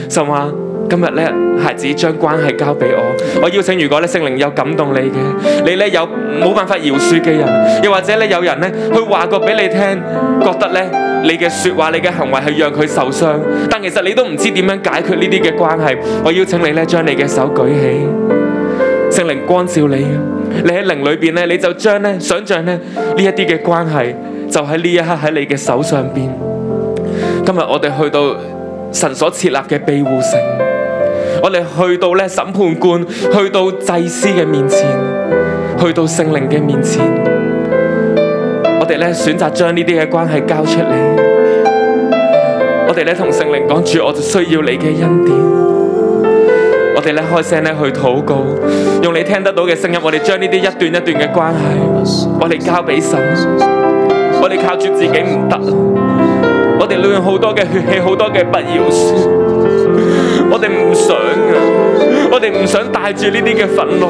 就話。今日咧，孩子將關係交俾我。我邀請，如果咧聖靈有感動你嘅，你咧有冇辦法饒恕嘅人，又或者咧有人咧去話過俾你聽，覺得咧你嘅說話、你嘅行為係讓佢受傷，但其實你都唔知點樣解決呢啲嘅關係。我邀請你咧，將你嘅手舉起，聖靈光照你。你喺靈裏邊咧，你就將咧想象咧呢一啲嘅關係，就喺呢一刻喺你嘅手上邊。今日我哋去到神所設立嘅庇護城。我哋去到咧審判官，去到祭司嘅面前，去到聖靈嘅面前，我哋咧選擇將呢啲嘅關係交出嚟。我哋咧同聖靈講，主：「我就需要你嘅恩典。我哋咧開聲咧去禱告，用你聽得到嘅聲音，我哋將呢啲一段一段嘅關係，我哋交俾神，我哋靠住自己唔得，我哋亂用好多嘅血氣，好多嘅不要輸。我哋唔想啊！我哋唔想帶住呢啲嘅憤怒，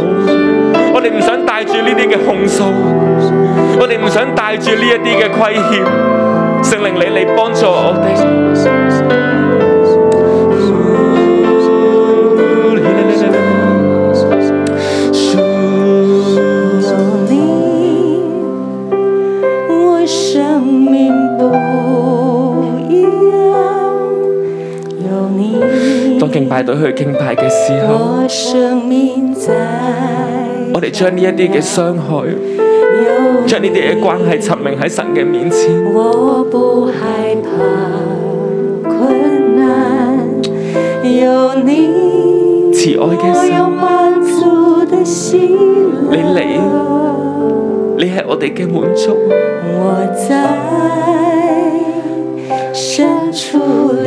我哋唔想帶住呢啲嘅控訴，我哋唔想帶住呢一啲嘅虧欠。聖靈你嚟幫助我哋。敬拜隊去敬拜嘅時候，我哋將呢一啲嘅傷害，將呢啲嘅關係，陳明喺神嘅面前。我不害怕困難，有你。慈愛嘅神，你嚟，你係我哋嘅滿足。我在。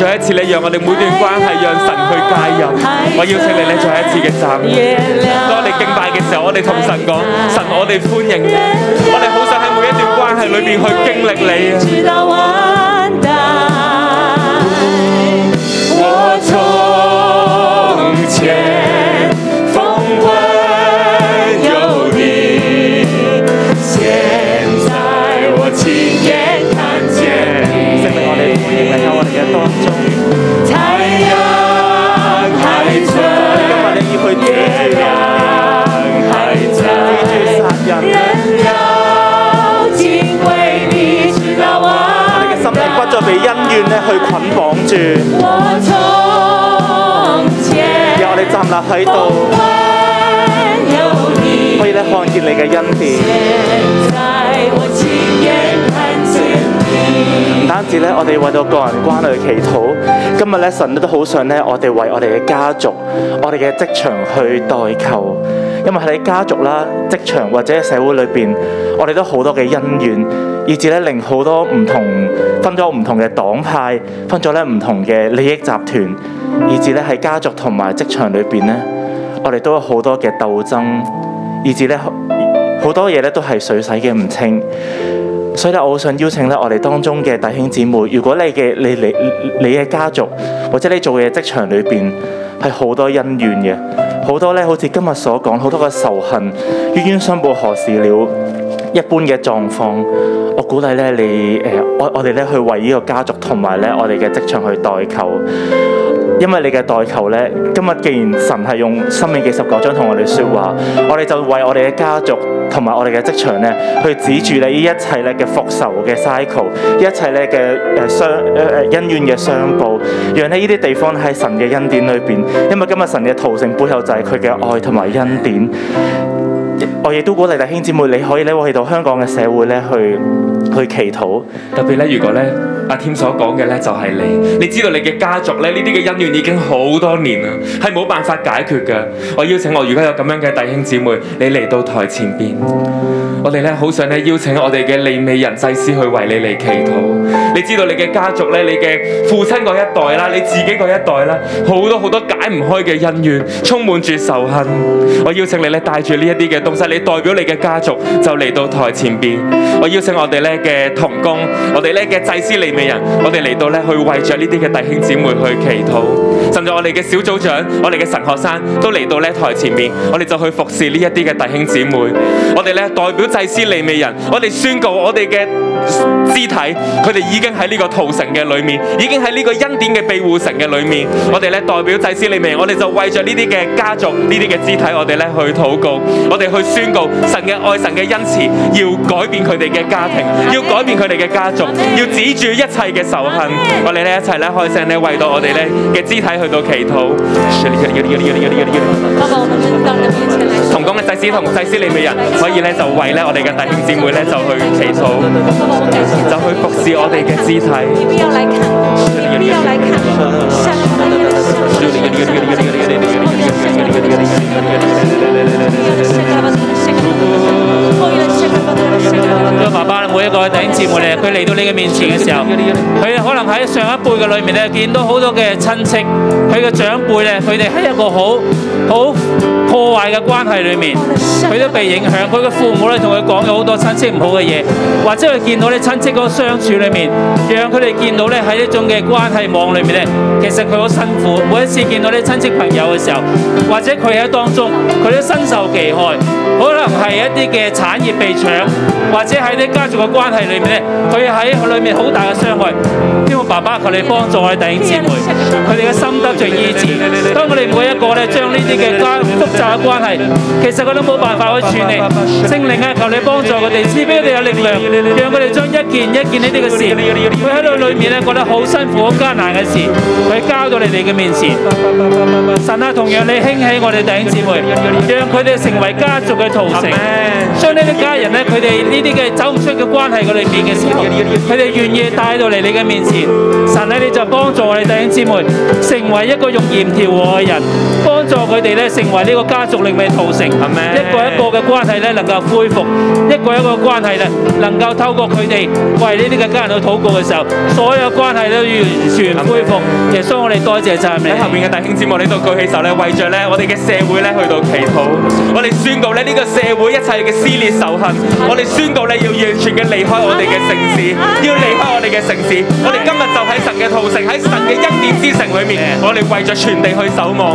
再一次，你讓我哋每段關係，讓神去介入。我邀請你，你再一次嘅站。當你敬拜嘅時候，我哋同神講，神，我哋歡迎你。我哋好想喺每一段關係裏面去經歷你啊。我從前去捆綁，綁住。由我哋站立喺度，可以咧看見你嘅恩典。唔單止咧，僅僅我哋為到個人關愛祈禱，今日咧神咧都好想咧，我哋為我哋嘅家族、我哋嘅職場去代求。因為喺家族啦、職場或者社會裏邊，我哋都好多嘅恩怨，以至咧令好多唔同分咗唔同嘅黨派，分咗咧唔同嘅利益集團，以至咧喺家族同埋職場裏邊咧，我哋都有好多嘅鬥爭，以至咧好多嘢咧都係水洗嘅唔清。所以咧，我好想邀請咧我哋當中嘅弟兄姊妹，如果你嘅你你你嘅家族或者你做嘅職場裏邊係好多恩怨嘅。好多咧，好似今日所講，好多嘅仇恨，冤冤相報何時了，一般嘅狀況。我鼓勵咧你誒、呃，我我哋咧去為呢個家族同埋咧我哋嘅職場去代購。因為你嘅代求呢，今日既然神係用生命嘅十九章同我哋說話，我哋就為我哋嘅家族同埋我哋嘅職場呢，去指住你呢一切咧嘅復仇嘅 cycle，一切咧嘅誒相誒、呃、恩怨嘅相報，讓喺呢啲地方喺神嘅恩典裏邊。因為今日神嘅屠城背後就係佢嘅愛同埋恩典。我亦都鼓勵弟兄姊妹，你可以呢我喺度香港嘅社會呢去。去祈禱，特別咧，如果咧，阿添所講嘅咧就係你，你知道你嘅家族咧，呢啲嘅恩怨已經好多年啦，係冇辦法解決嘅。我邀請我，如果有咁樣嘅弟兄姊妹，你嚟到台前邊，我哋咧好想咧邀請我哋嘅利未人祭司去為你嚟祈禱，你知道你嘅家族咧，你嘅父親一代啦，你自己一代啦，好多好多解唔開嘅恩怨，充滿住仇恨。我邀請你咧帶住呢一啲嘅東西，你代表你嘅家族就嚟到台前邊，我邀請我哋咧。嘅同工，我哋咧嘅祭司利未人，我哋嚟到咧去為着呢啲嘅弟兄姊妹去祈禱，甚至我哋嘅小組長、我哋嘅神學生都嚟到咧台前面，我哋就去服侍呢一啲嘅弟兄姊妹。我哋咧代表祭司利未人，我哋宣告我哋嘅肢體，佢哋已經喺呢個屠城嘅裏面，已經喺呢個恩典嘅庇護城嘅裏面。我哋咧代表祭司利未人，我哋就為着呢啲嘅家族、呢啲嘅肢體我呢，我哋咧去禱告，我哋去宣告神嘅愛、神嘅恩慈要改變佢哋嘅家庭。要改變佢哋嘅家族，要止住一切嘅仇恨。Amen. 我哋呢一齊咧開聲咧為到我哋咧嘅肢體去到祈禱。同工嘅祭司同祭司利未人可以咧就為咧我哋嘅弟兄姊妹咧就去祈禱，就去服侍我哋嘅肢體。 爸爸每一個弟兄姊妹，佢嚟到你嘅面前嘅時候，佢可能喺上一輩嘅裏面咧，見到好多嘅親戚，佢嘅長輩咧，佢哋喺一個好好破壞嘅關係裏面，佢都被影響。佢嘅父母咧，同佢講咗很多好多親戚唔好嘅嘢，或者佢見到你親戚嗰個相處裏面，讓佢哋見到在喺呢種嘅關係網裏面其實佢好辛苦。每一次見到你親戚朋友嘅時候，或者佢喺當中，佢都身受其害，可能係一啲嘅產業被搶。或者喺啲家族嘅關係裏面咧，佢喺裏面好大嘅傷害。希望爸爸求你幫助我哋弟兄姊妹，佢哋嘅心得着醫治。當佢哋每一個咧將呢啲嘅家複雜嘅關係，其實佢都冇辦法去處理。聖靈咧，求你幫助佢哋，賜俾佢哋有力量，讓佢哋將一件一件呢啲嘅事，佢喺度裏面咧覺得好辛苦、好艱難嘅事，佢交到你哋嘅面前。神啊，同樣你興起我哋弟兄姊妹，讓佢哋成為家族嘅圖成，將呢啲家人咧佢哋。係呢啲嘅走唔出嘅關係，佢裏面嘅時候，佢哋願意帶到嚟，你嘅面前，神啊，你就幫助我哋弟兄姊妹成為一個用鹽調和嘅人。助佢哋咧成為呢個家族，令佢哋禱城一個一個嘅關係咧能夠恢復，一個一個關係咧能夠透過佢哋為呢啲嘅家人去禱告嘅時候，所有關係都要完全恢復。耶穌，我哋多謝就係你。喺後面嘅弟兄姊妹，呢度舉起手咧，為著咧我哋嘅社會咧去到祈禱，我哋宣告咧呢個社會一切嘅撕裂仇恨，我哋宣告咧要完全嘅離開我哋嘅城市，要離開我哋嘅城市。我哋今日就喺神嘅禱城，喺神嘅恩典之城裏面，我哋為著全地去守望。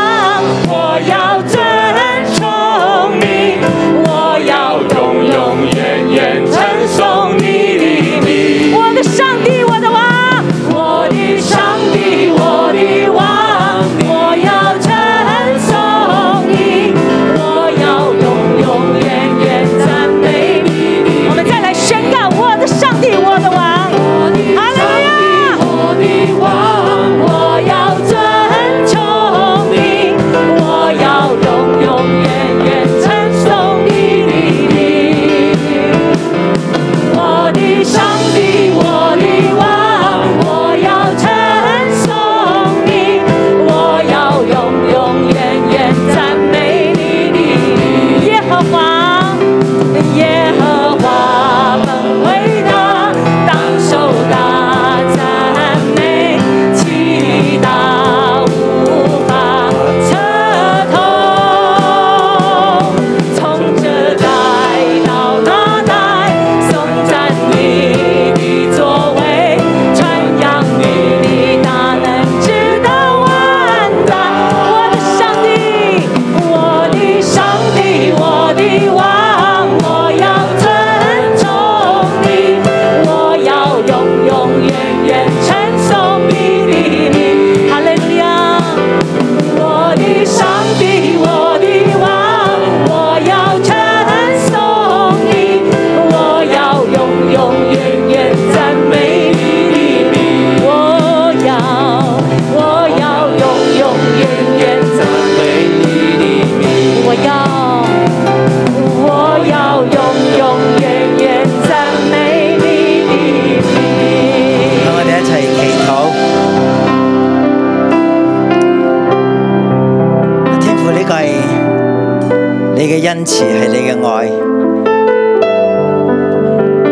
恩慈，係你嘅愛，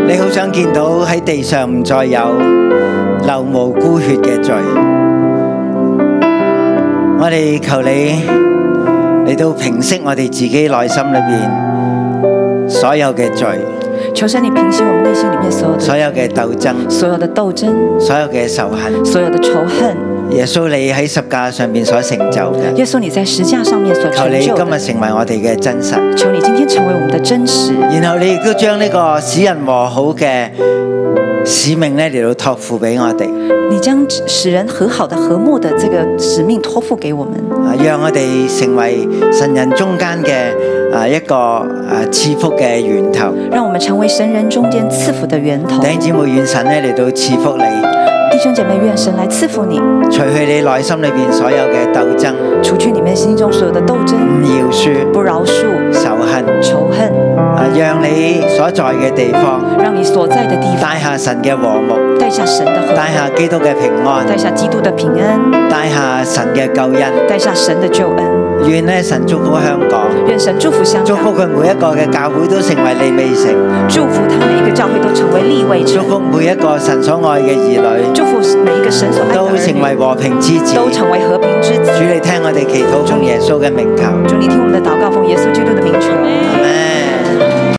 你好想見到喺地上唔再有流無辜血嘅罪。我哋求你嚟到平息我哋自己內心裏邊所有嘅罪。求神，你平息我們內心裏面所有所有嘅鬥爭，所有嘅鬥爭，所有嘅仇恨，所有的仇恨。耶穌，你喺十架上面所成就嘅；耶穌，你在十架上面所成就。求你今日成為我哋嘅真實。求你今天成為我們嘅真實。然後你亦都將呢個使人和好嘅使命咧嚟到託付俾我哋。你將使人和好的和睦嘅這個使命托付給我們，讓我哋成為神人中間嘅啊一個啊賜福嘅源頭。讓我們成為神人中間賜福嘅源頭。弟兄姊妹，願神咧嚟到賜福你。弟兄姐妹，願神來賜福你，除去你內心裏邊所有嘅鬥爭，除去你們心中所有的鬥爭，唔饒恕、不饒恕、仇恨、仇恨，啊！讓你所在嘅地方，讓你所在的地方，帶下神嘅和睦，帶下神的和睦，帶下基督嘅平安，帶下基督的平安，帶下神嘅救恩，帶下神的救恩。願呢神祝福香港，祝福佢每一個嘅教會都成為利未城，祝福他每一個教會都成為利未城，祝福每一個神所愛嘅兒女，祝福每一個神所愛嘅兒女都成為和平之子，都成為和平之子。主你聽我哋祈禱奉耶穌嘅名求，主你聽我們祈禱的主你聽我們的禱告奉耶穌基督的名求。